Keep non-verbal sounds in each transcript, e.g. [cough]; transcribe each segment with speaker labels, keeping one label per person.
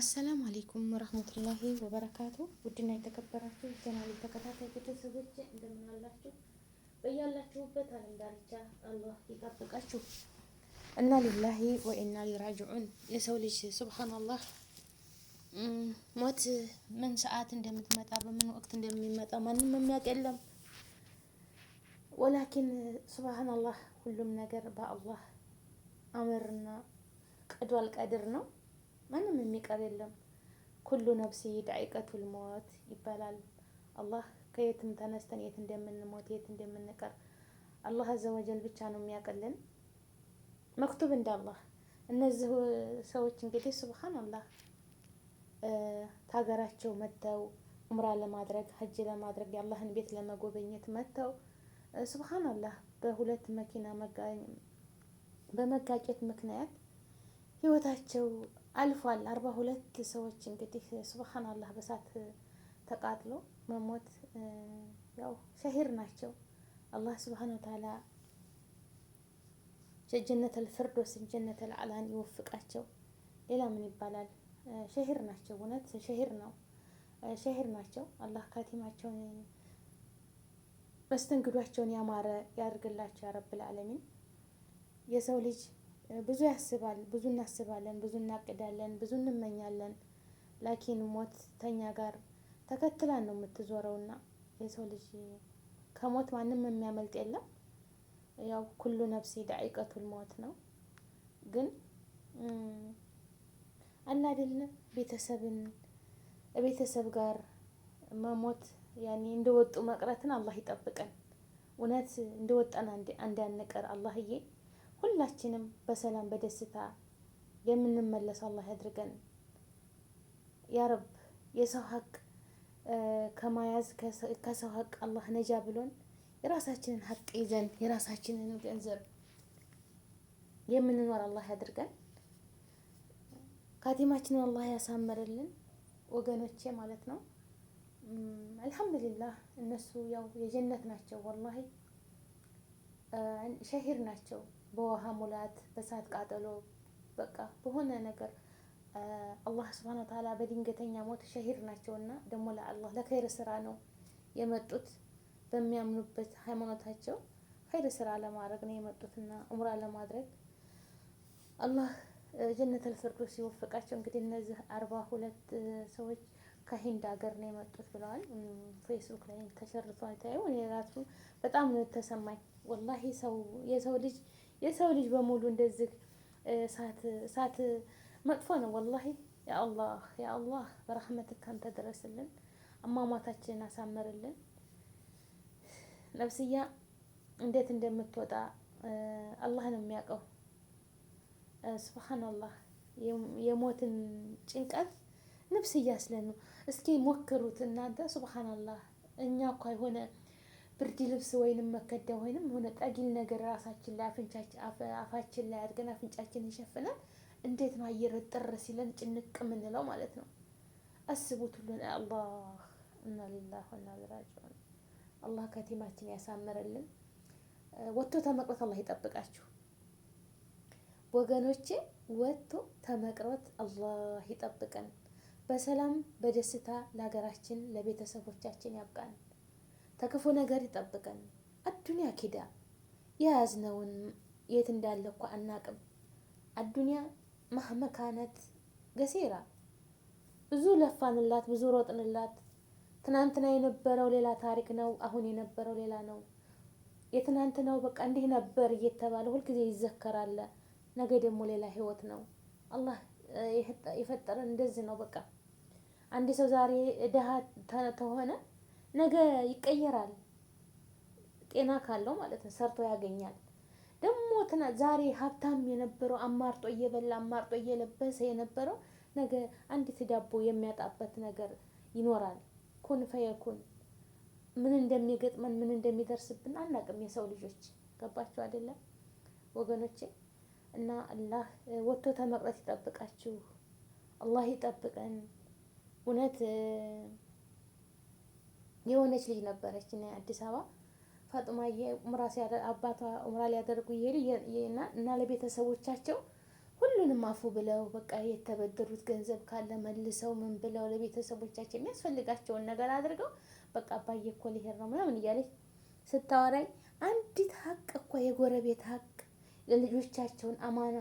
Speaker 1: አሰላሙ አሌይኩም ረህመቱላሂ ወበረካቱ። ውድና የተከበራችሁ ቻናል ተከታታይ ቤተሰቦች እንደምን አላችሁ? በያላችሁበት ዓለም ዳርቻ አላህ ይጠብቃችሁ። እና ሊላሂ ወኢና ሊራጅዑን የሰው ልጅ ሱብሃነላህ ሞት ምን ሰዓት እንደምትመጣ በምን ወቅት እንደሚመጣ ማንም የሚያውቅ የለም። ወላኪን ሱብሃነላህ ሁሉም ነገር በአላህ አምርና ቀዷል ቀድር ነው። ማንም የሚቀር የለም። ኩሉ ነፍሲ ዳኢቀቱል ሞት ይባላል። አላህ ከየትም ተነስተን የት እንደምንሞት የት እንደምንቀር አላህ አዘወጀል ብቻ ነው የሚያውቅልን። መክቱብ እንደ አላህ እነዚህ ሰዎች እንግዲህ ስብሓን አላህ ከሀገራቸው መጥተው ኡምራ ለማድረግ ሀጅ ለማድረግ የአላህን ቤት ለመጎበኘት መጥተው ስብሓን አላህ በሁለት መኪና በመጋጨት ምክንያት ህይወታቸው አልፏል። አርባ ሁለት ሰዎች እንግዲህ አላህ በሳት ተቃጥሎ መሞት ያው ሸሂር ናቸው። አላህ ሱብሃነሁ ወተዓላ ጀነት ፍርዶስን ጀነት አላን ይወፍቃቸው። ሌላ ምን ይባላል? ሸሂር ናቸው። እውነት ሸሂር ነው፣ ሸሂር ናቸው። አላህ ካቲማቸውን መስተንግዷቸውን ያማረ ያድርግላቸው። ያረብል አለሚን የሰው ልጅ ብዙ ያስባል፣ ብዙ እናስባለን፣ ብዙ እናቅዳለን፣ ብዙ እንመኛለን። ላኪን ሞት ተኛ ጋር ተከትላን ነው የምትዞረውና የሰው ልጅ ከሞት ማንም የሚያመልጥ የለም። ያው ኩሉ ነፍሲ ዳኢቀቱል ሞት ነው። ግን አላ አይደለም ቤተሰብን ቤተሰብ ጋር መሞት ያኔ እንደወጡ መቅረትን አላህ ይጠብቀን። እውነት እንደወጣን አንዳንቀር አላህዬ ሁላችንም በሰላም በደስታ የምንመለስ አላህ ያድርገን። ያረብ የሰው ሀቅ ከማያዝ ከሰው ሀቅ አላህ ነጃ ብሎን የራሳችንን ሀቅ ይዘን የራሳችንን ገንዘብ የምንኖር አላህ ያድርገን። ካቲማችንን አላህ ያሳምርልን ወገኖቼ ማለት ነው። አልሐምዱሊላህ እነሱ ያው የጀነት ናቸው ወላሂ ሸሂር ናቸው። በውሃ ሙላት፣ በሳት ቃጠሎ፣ በቃ በሆነ ነገር አላህ ስብሃነ ወተዓላ በድንገተኛ ሞት ሸሂር ናቸው እና ደግሞ ለአላህ ለኸይር ስራ ነው የመጡት በሚያምኑበት ሃይማኖታቸው ኸይር ስራ ለማድረግ ነው የመጡትና ኡምራ ለማድረግ አላህ ጀነተል ፊርዶስ ሲወፈቃቸው እንግዲህ እነዚህ አርባ ሁለት ሰዎች ከሂንድ ሀገር ነው የመጡት ብለዋል። ፌስቡክ ላይ ተሸርፏል። ታዩ እኔ በጣም ነው የተሰማኝ። ወላሂ የሰው ልጅ የሰው ልጅ በሙሉ እንደዚህ እሳት መጥፎ ነው ወላሂ። ያአላህ ያአላህ በረህመትህ አንተ ድረስልን፣ አሟሟታችንን አሳምርልን። ነፍስያ እንዴት እንደምትወጣ አላህ ነው የሚያውቀው። ስብሓን የሞትን ጭንቀት ንብስ እያስለን ነው። እስኪ ሞክሩት እናንተ ሱብሃናላህ። እኛ እኳ የሆነ ብርድ ልብስ ወይንም መከዳ ወይንም ሆነ ጠጊል ነገር ራሳችን ላይ አፋችን ላይ አድርገን አፍንጫችን ይሸፍናል። እንዴት ነው አየር ጥር ሲለን ጭንቅ የምንለው ማለት ነው። አስቡት ሁሉን አላህ እና ሊላህ እና ራጅዑን አላህ ከቲማችን ያሳምርልን። ወጥቶ ተመቅረት አላህ ይጠብቃችሁ ወገኖቼ። ወጥቶ ተመቅረት አላህ ይጠብቀን። በሰላም በደስታ ለሀገራችን ለቤተሰቦቻችን ያብቃን፣ ተክፉ ነገር ይጠብቀን። አዱኒያ ኪዳ የያዝነውን የት እንዳለ እኮ አናቅም። አዱኒያ ማህመካነት ገሴራ ብዙ ለፋንላት፣ ብዙ ሮጥንላት። ትናንትና የነበረው ሌላ ታሪክ ነው፣ አሁን የነበረው ሌላ ነው። የትናንትናው በቃ እንዲህ ነበር እየተባለ ሁልጊዜ ይዘከራል። ነገ ደግሞ ሌላ ህይወት ነው። አላህ የፈጠረን እንደዚህ ነው በቃ አንድ ሰው ዛሬ ድሃ ተሆነ ነገ ይቀየራል። ጤና ካለው ማለት ነው፣ ሰርቶ ያገኛል። ደግሞ ዛሬ ሀብታም የነበረው አማርጦ እየበላ አማርጦ እየለበሰ የነበረው ነገ አንዲት ዳቦ የሚያጣበት ነገር ይኖራል። ኩን ፈየኩን ምን እንደሚገጥመን ምን እንደሚደርስብን አናቅም። የሰው ልጆች ገባችሁ አይደለም ወገኖቼ? እና አላህ ወጥቶ ተመቅረት ይጠብቃችሁ፣ አላህ ይጠብቀን። እውነት የሆነች ልጅ ነበረች እና አዲስ አበባ ፋጡማዬ ኡምራ አባቷ ኡምራ ሊያደርጉ ይሄዱ እና ለቤተሰቦቻቸው ሁሉንም አፉ ብለው በቃ የተበደሩት ገንዘብ ካለ መልሰው ምን ብለው ለቤተሰቦቻቸው የሚያስፈልጋቸውን ነገር አድርገው በቃ አባዬ እኮ ሊሄድ ነው ምናምን እያለች ስታወራኝ አንዲት ሀቅ እኮ የጎረቤት ሀቅ ለልጆቻቸውን አማና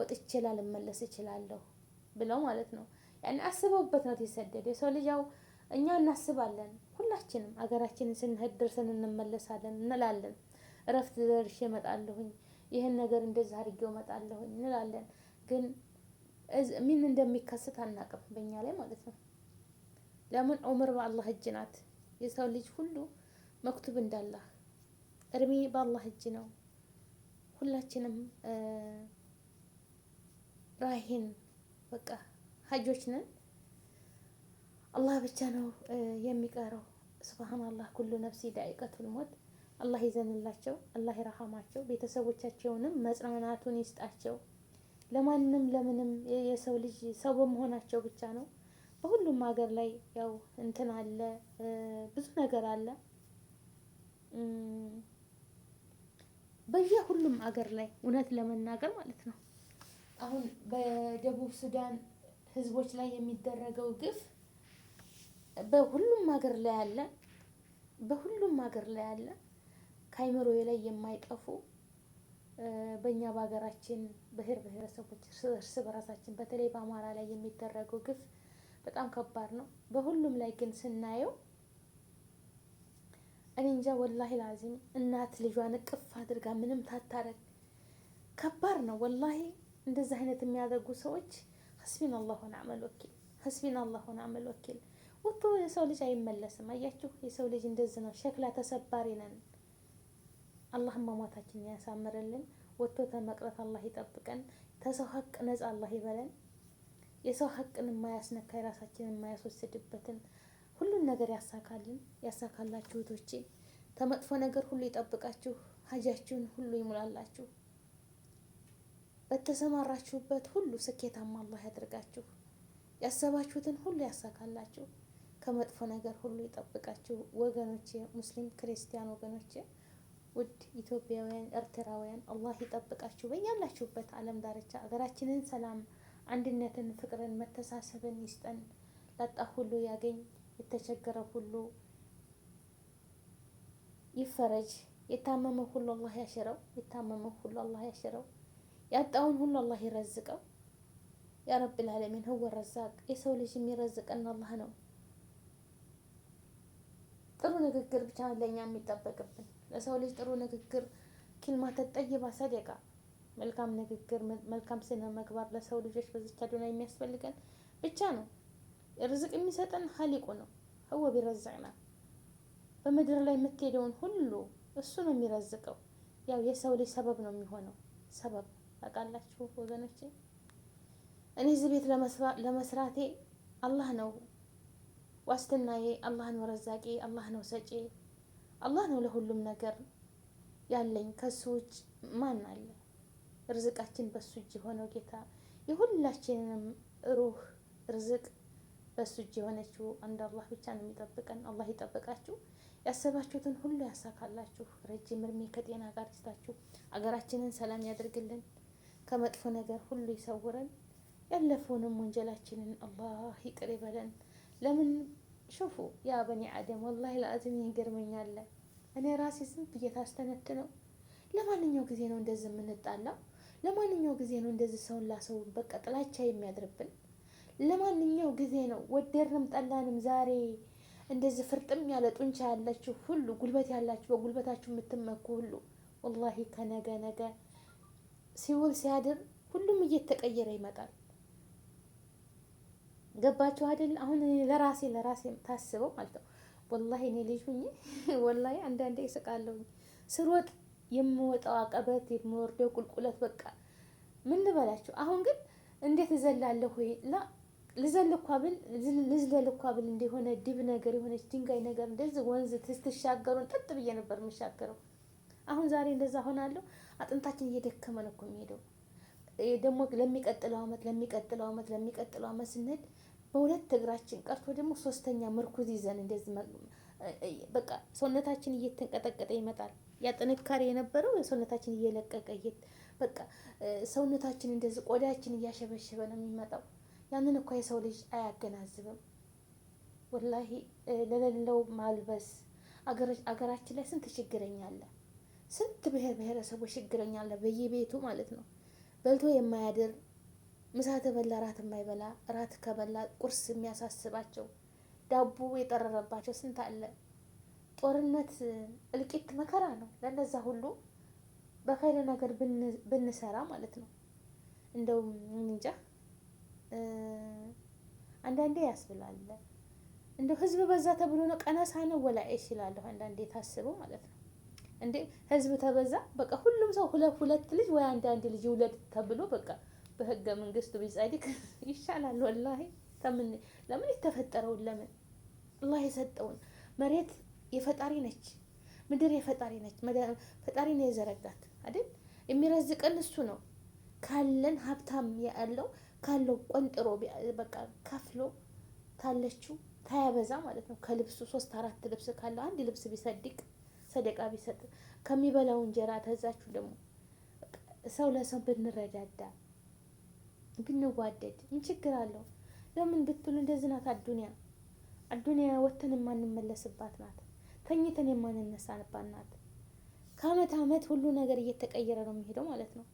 Speaker 1: ወጥቼ ላልመለስ እችላለሁ ብለው ማለት ነው። ያኔ አስበውበት ነው የተሰደደ የሰው ልጅ። ያው እኛ እናስባለን ሁላችንም አገራችንን ስንሄድ ደርሰን እንመለሳለን እንላለን። እረፍት ደርሼ እመጣለሁኝ፣ ይህን ነገር እንደዚህ አድርጌው እመጣለሁኝ እንላለን። ግን ምን እንደሚከሰት አናቅም በእኛ ላይ ማለት ነው። ለምን ዑምር በአላህ እጅ ናት። የሰው ልጅ ሁሉ መክቱብ እንዳላህ እድሜ በአላህ እጅ ነው። ሁላችንም ራሂን በቃ ሀጆች ነን። አላህ ብቻ ነው የሚቀረው። ስብሃን አላህ ኩሉ ነፍሲ ዳኢቀቱል ሞት። አላህ ይዘንላቸው፣ አላህ ይረሃማቸው፣ ቤተሰቦቻቸውንም መጽናናቱን ይስጣቸው። ለማንም ለምንም የሰው ልጅ ሰው በመሆናቸው ብቻ ነው። በሁሉም ሀገር ላይ ያው እንትን አለ፣ ብዙ ነገር አለ። በየሁሉም ሀገር ላይ እውነት ለመናገር ማለት ነው
Speaker 2: አሁን በደቡብ ሱዳን ህዝቦች ላይ የሚደረገው ግፍ በሁሉም ሀገር ላይ አለ። በሁሉም ሀገር ላይ አለ። ከአይምሮ ላይ የማይጠፉ በእኛ በሀገራችን ብሔር ብሔረሰቦች እርስ በራሳችን በተለይ በአማራ ላይ የሚደረገው ግፍ በጣም ከባድ ነው። በሁሉም ላይ ግን ስናየው እኔ እንጃ ወላሂ ላዚም እናት ልጇን እቅፍ አድርጋ ምንም ታታረግ ከባድ ነው ወላሂ እንደዚህ አይነት የሚያደርጉ ሰዎች ሀስቢን አላሁ ነዕመል ወኪል፣ ሀስቢን አላሁ ነዕመል ወኪል። ወጥቶ የሰው ልጅ አይመለስም። አያችሁ፣ የሰው ልጅ እንደዚህ ነው። ሸክላ ተሰባሪ ነን። አላህ መሟታችን ያሳምርልን። ወጥቶ ተመቅረት አላህ ይጠብቀን። ተሰው ሀቅ ነጻ አላህ ይበለን። የሰው ሀቅን የማያስነካ የራሳችንን የማያስወስድበትን ሁሉን ነገር ያሳካልን፣ ያሳካላችሁ እህቶቼ። ተመጥፎ ነገር ሁሉ ይጠብቃችሁ፣ ሀጃችሁን ሁሉ ይሙላላችሁ። በተሰማራችሁበት ሁሉ ስኬታማ አላህ ያድርጋችሁ። ያሰባችሁትን ሁሉ ያሳካላችሁ። ከመጥፎ ነገር ሁሉ ይጠብቃችሁ ወገኖቼ፣ ሙስሊም ክርስቲያን ወገኖቼ፣ ውድ ኢትዮጵያውያን፣ ኤርትራውያን አላህ ይጠብቃችሁ በያላችሁበት ዓለም ዳርቻ። ሀገራችንን ሰላም፣ አንድነትን፣ ፍቅርን፣ መተሳሰብን ይስጠን። ላጣ ሁሉ ያገኝ፣ የተቸገረ ሁሉ ይፈረጅ፣ የታመመ ሁሉ አላህ ያሽረው፣ የታመመ ሁሉ አላህ ያሽረው። ያጣውን ሁሉ አላህ ይረዝቀው። ያ ረብ ዓለሚን ህወ ረዛቅ። የሰው ልጅ የሚረዝቀን አላህ ነው። ጥሩ ንግግር ብቻ ለእኛ የሚጠበቅብን ለሰው ልጅ ጥሩ ንግግር፣ ኪልማ ተጠይባ ሰደቃ፣ መልካም ንግግር፣ መልካም ስነ መግባር ለሰው ልጆች በዚች አዱንያ የሚያስፈልገን ብቻ ነው። ርዝቅ የሚሰጠን ሀሊቁ ነው። ህወ ቢረዝቅና በምድር ላይ የምትሄደውን ሁሉ እሱ ነው የሚረዝቀው። ያው የሰው ልጅ ሰበብ ነው የሚሆነው ሰበብ ታውቃላችሁ ወገኖቼ፣ እኔ እዚህ ቤት ለመስራቴ አላህ ነው ዋስትናዬ፣ አላህ ነው ረዛቄ፣ አላህ ነው ሰጪ፣ አላህ ነው ለሁሉም ነገር ያለኝ። ከሱ ውጭ ማን አለ? ርዝቃችን በሱ እጅ የሆነው ጌታ የሁላችንንም ሩህ ርዝቅ በሱ እጅ የሆነችው አንድ አላህ ብቻ ነው የሚጠብቀን። አላህ ይጠብቃችሁ፣ ያሰባችሁትን ሁሉ ያሳካላችሁ። ረጅም እድሜ ከጤና ጋር ይስጣችሁ። አገራችንን ሰላም ያደርግልን። ከመጥፎ ነገር ሁሉ ይሰውረን። ያለፈውንም ወንጀላችንን አላህ ይቅር ይበለን። ለምን ሹፉ ያ በኒ አደም ወላሂ ለአዝም ይገርመኛል። እኔ ራሴ ዝም ብዬ ታስተነት ነው። ለማንኛው ጊዜ ነው እንደዚህ የምንጣላው? ለማንኛው ጊዜ ነው እንደዚህ ሰውን ላሰውን በቃ ጥላቻ የሚያድርብን? ለማንኛው ጊዜ ነው ወደድንም ጠላንም ዛሬ እንደዚህ ፍርጥም ያለ ጡንቻ ያላችሁ ሁሉ ጉልበት ያላችሁ በጉልበታችሁ የምትመኩ ሁሉ ወላሂ ከነገ ነገ ሲውል ሲያድር ሁሉም እየተቀየረ ይመጣል። ገባችሁ አይደል? አሁን ለራሴ ለራሴ ታስበው ማለት ነው። ወላሂ እኔ ልጅ ሁኝ [laughs] ወላሂ አንዳንዴ ይስቃለሁ። ስሮጥ የምወጣው አቀበት የምወርደው ቁልቁለት በቃ ምን ልበላችሁ። አሁን ግን እንዴት እዘላለሁ ወይ ላ ልዘልኳ ብል ልዝለልኳ ብል እንደሆነ ድብ ነገር የሆነች ድንጋይ ነገር እንደዚህ ወንዝ ትስትሻገሩን ጥጥ ብዬ ነበር የምሻገረው። አሁን ዛሬ እንደዛ ሆናለሁ። አጥንታችን እየደከመ ነው እኮ የሚሄደው። ደግሞ ለሚቀጥለው አመት ለሚቀጥለው አመት ለሚቀጥለው አመት ስንሄድ በሁለት እግራችን ቀርቶ ደግሞ ሶስተኛ ምርኩዝ ይዘን እንደዚህ በቃ ሰውነታችን እየተንቀጠቀጠ ይመጣል። ያ ጥንካሬ የነበረው ሰውነታችን እየለቀቀ በቃ ሰውነታችን እንደዚህ ቆዳችን እያሸበሸበ ነው የሚመጣው። ያንን እኳ የሰው ልጅ አያገናዝብም። ወላሂ ለሌለው ማልበስ አገራችን ላይ ስንት ችግረኛ አለ። ስንት ብሔር ብሔረሰቦች ችግረኛ አለ በየቤቱ ማለት ነው። በልቶ የማያድር ምሳ ተበላ ራት የማይበላ ራት ከበላ ቁርስ የሚያሳስባቸው ዳቦ የጠረረባቸው ስንት አለ። ጦርነት እልቂት መከራ ነው። ለነዛ ሁሉ በኸይር ነገር ብንሰራ ማለት ነው። እንደውም እንጃ አንዳንዴ ያስብላለ እንደው ህዝብ በዛ ተብሎ ነው ቀነሳ ነው ወላ ይችላለሁ አንዳንዴ ታስበው ማለት ነው። እንዴ ህዝብ ተበዛ። በቃ ሁሉም ሰው ሁለት ሁለት ልጅ ወይ አንድ አንድ ልጅ ይውለድ ተብሎ በቃ በህገ መንግስቱ ቢጸድቅ [laughs] ይሻላል። ወላሂ ከምን ለምን የተፈጠረውን ለምን አላህ የሰጠውን መሬት የፈጣሪ ነች፣ ምድር የፈጣሪ ነች። ፈጣሪ ነው የዘረጋት አይደል? የሚረዝቀን እሱ ነው። ካለን ሀብታም ያለው ካለው ቆንጥሮ በቃ ከፍሎ ካለችው ታያበዛ ማለት ነው። ከልብሱ ሶስት አራት ልብስ ካለው አንድ ልብስ ቢሰድቅ ሰደቃ ቢሰጥ ከሚበላው እንጀራ ተዛችሁ ደግሞ ሰው ለሰው ብንረዳዳ ብንዋደድ ምን ችግር አለው? ለምን ብትሉ እንደዚህ ናት አዱኒያ። አዱኒያ ወተን የማንመለስባት ናት፣ ተኝተን የማንነሳንባት ናት። ከአመት አመት ሁሉ ነገር እየተቀየረ ነው የሚሄደው ማለት ነው።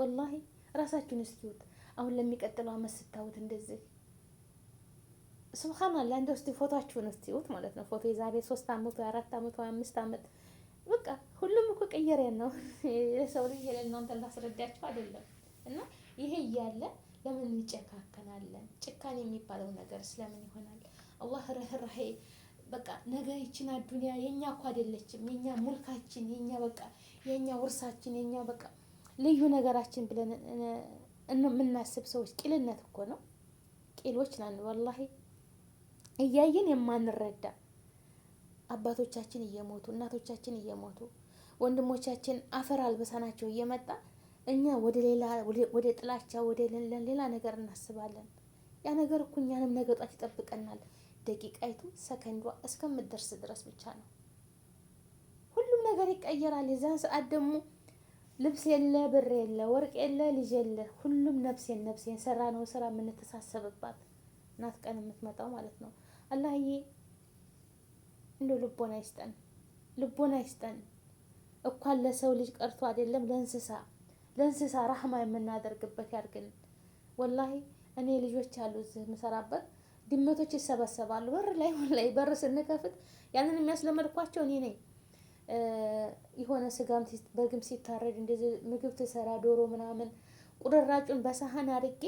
Speaker 2: ወላሂ ራሳችሁን እስኪዩት። አሁን ለሚቀጥለው አመት ስታዩት እንደዚህ ስብሓናላ እንደ ውስጥ ፎቶችሁን እስኪዩት ማለት ነው። ፎቶ የዛሬ ሶስት አመቱ የአራት አመቱ አምስት አመት በቃ ሁሉም እኮ ቅየሬን ነው የሰው ልጅ እናንተ ላስረዳችሁ አይደለም። እና ይሄ እያለ ለምን እንጨካከናለን? ጭካኔ የሚባለው ነገር ስለምን ይሆናል? አላህ ርህራሄ በቃ ነገ ይችን አዱንያ የኛ እኮ አይደለችም፣ የኛ ሙልካችን፣ የኛ በቃ የኛ ውርሳችን፣ የኛ በቃ ልዩ ነገራችን ብለን የምናስብ ሰዎች ቂልነት እኮ ነው። ቂሎች ናን ወላሂ እያየን የማንረዳ አባቶቻችን እየሞቱ እናቶቻችን እየሞቱ ወንድሞቻችን አፈር አልበሳናቸው እየመጣ እኛ ወደ ሌላ ወደ ጥላቻ ወደ ሌላ ነገር እናስባለን። ያ ነገር እኮ እኛንም ነገ ጧት ይጠብቀናል። ደቂቃይቱ ሰከንዷ እስከምትደርስ ድረስ ብቻ ነው። ሁሉም ነገር ይቀየራል። የዛን ሰዓት ደግሞ ልብስ የለ፣ ብር የለ፣ ወርቅ የለ፣ ልጅ የለ፣ ሁሉም ነፍሴን ነፍሴን ስራ ነው ስራ የምንተሳሰብባት ናት ቀን የምትመጣው ማለት ነው አላህዬ እንዶ ልቦና ይስጠን፣ ልቦና ይስጠን። እኳን ለሰው ልጅ ቀርቶ አይደለም ለእንስሳ ለእንስሳ ራህማ የምናደርግበት ያድርግን። ወላሂ እኔ ልጆች አሉ እዚህ የምሰራበት ድመቶች ይሰበሰባሉ በር ላይ ላይ በር ስንከፍት ያንን የሚያስለመድኳቸው እኔ ነኝ። የሆነ ስጋም በግም ሲታረድ እንደዚህ ምግብ ትሰራ ዶሮ ምናምን ቁርራጩን በሳህን አድርጌ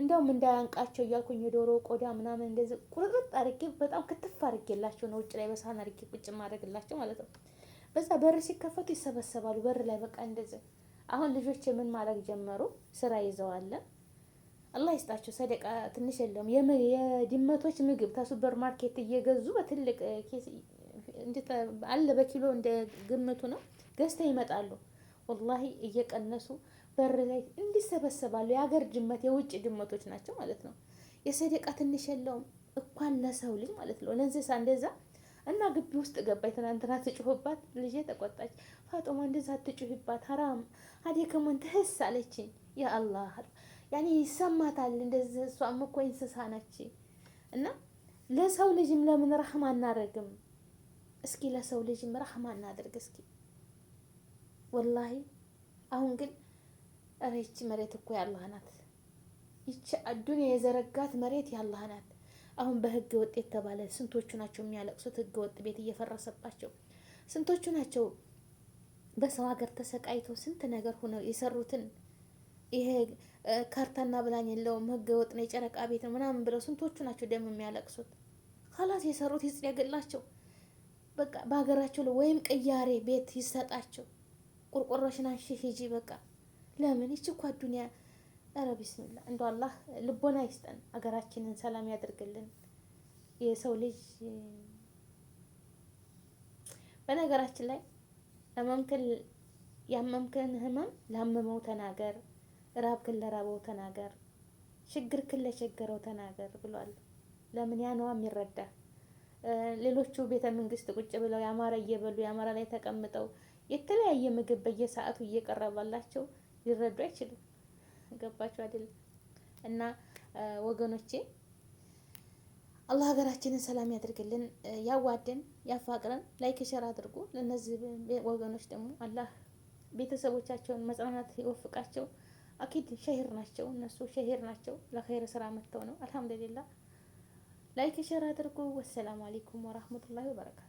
Speaker 2: እንደውም እንዳያንቃቸው እያልኩኝ የዶሮ ቆዳ ምናምን እንደዚህ ቁርጥርጥ አድርጌ በጣም ክትፍ አድርጌላቸው ነው ውጭ ላይ በሳህን አድርጌ ቁጭ ማድረግላቸው ማለት ነው። በዛ በር ሲከፈቱ ይሰበሰባሉ በር ላይ በቃ እንደዚህ። አሁን ልጆች ምን ማድረግ ጀመሩ? ስራ ይዘዋለ። አላህ ይስጣቸው። ሰደቃ ትንሽ የለውም። የድመቶች ምግብ ከሱፐር ማርኬት እየገዙ በትልቅ አለ በኪሎ እንደ ግምቱ ነው ገዝተው ይመጣሉ። ወላሂ እየቀነሱ በር ላይ እንዲሰበሰባሉ የሀገር ድመት የውጭ ድመቶች ናቸው ማለት ነው። የሰደቃ ትንሽ የለውም እንኳን ለሰው ልጅ ማለት ነው ለእንስሳ እንደዛ እና ግቢ ውስጥ ገባች ትናንትና ትጩህባት ልጄ ተቆጣች። ፋጦማ እንደዛ ትጩህባት ሀራም አዴ ከሞን ትህስ አለችኝ። ያ አላህ ያኔ ይሰማታል እንደዚህ እሷም እኮ እንስሳ ነች። እና ለሰው ልጅም ለምን ረህማ አናደርግም? እስኪ ለሰው ልጅም ረህማ እናደርግ እስኪ ወላሂ አሁን ግን ኧረ ይቺ መሬት እኮ ያላህ ናት። ይቺ አዱንያ የዘረጋት መሬት ያላህ ናት። አሁን በህገ ወጥ የተባለ ስንቶቹ ናቸው የሚያለቅሱት? ህገ ወጥ ቤት እየፈረሰባቸው ስንቶቹ ናቸው በሰው ሀገር ተሰቃይቶ ስንት ነገር ሆነው የሰሩትን ይሄ ካርታና ብላኝ የለውም ህገ ወጥ ነው የጨረቃ ቤት ነው ምናምን ብለው ስንቶቹ ናቸው ደም የሚያለቅሱት? ኋላስ የሰሩት ይጽደግላቸው፣ በቃ በሀገራቸው ላይ ወይም ቅያሬ ቤት ይሰጣቸው። ቁርቁሮሽን አንሺ ሂጂ በቃ። ለምን ይች እኮ አዱንያ። ኧረ ቢስሚላ እንደ አላህ ልቦና ይስጠን፣ አገራችንን ሰላም ያደርግልን። የሰው ልጅ በነገራችን ላይ ለመምክል ያመምክን ህመም ላመመው ተናገር፣ ራብክን ለራበው ተናገር፣ ችግርክን ለቸገረው ተናገር ብሏል። ለምን ያ ነዋ የሚረዳ ሌሎቹ ቤተ መንግስት ቁጭ ብለው የአማራ እየበሉ የአማራ ላይ ተቀምጠው የተለያየ ምግብ በየሰዓቱ እየቀረባላቸው ሊረዱ አይችሉም። ገባችሁ አይደል? እና ወገኖቼ አላህ ሀገራችንን ሰላም ያድርግልን፣ ያዋደን፣ ያፋቅረን። ላይክ ሸር አድርጉ። ለነዚህ ወገኖች ደግሞ አላህ ቤተሰቦቻቸውን መጽናናት ይወፍቃቸው። አኪድ ሸሂር ናቸው፣ እነሱ ሸሂር ናቸው። ለኸይር ስራ መጥተው ነው። አልሐምዱሊላህ ላይክ ሸር አድርጉ። ወሰላሙ አሌይኩም ወራህመቱላሂ ወበረካቱ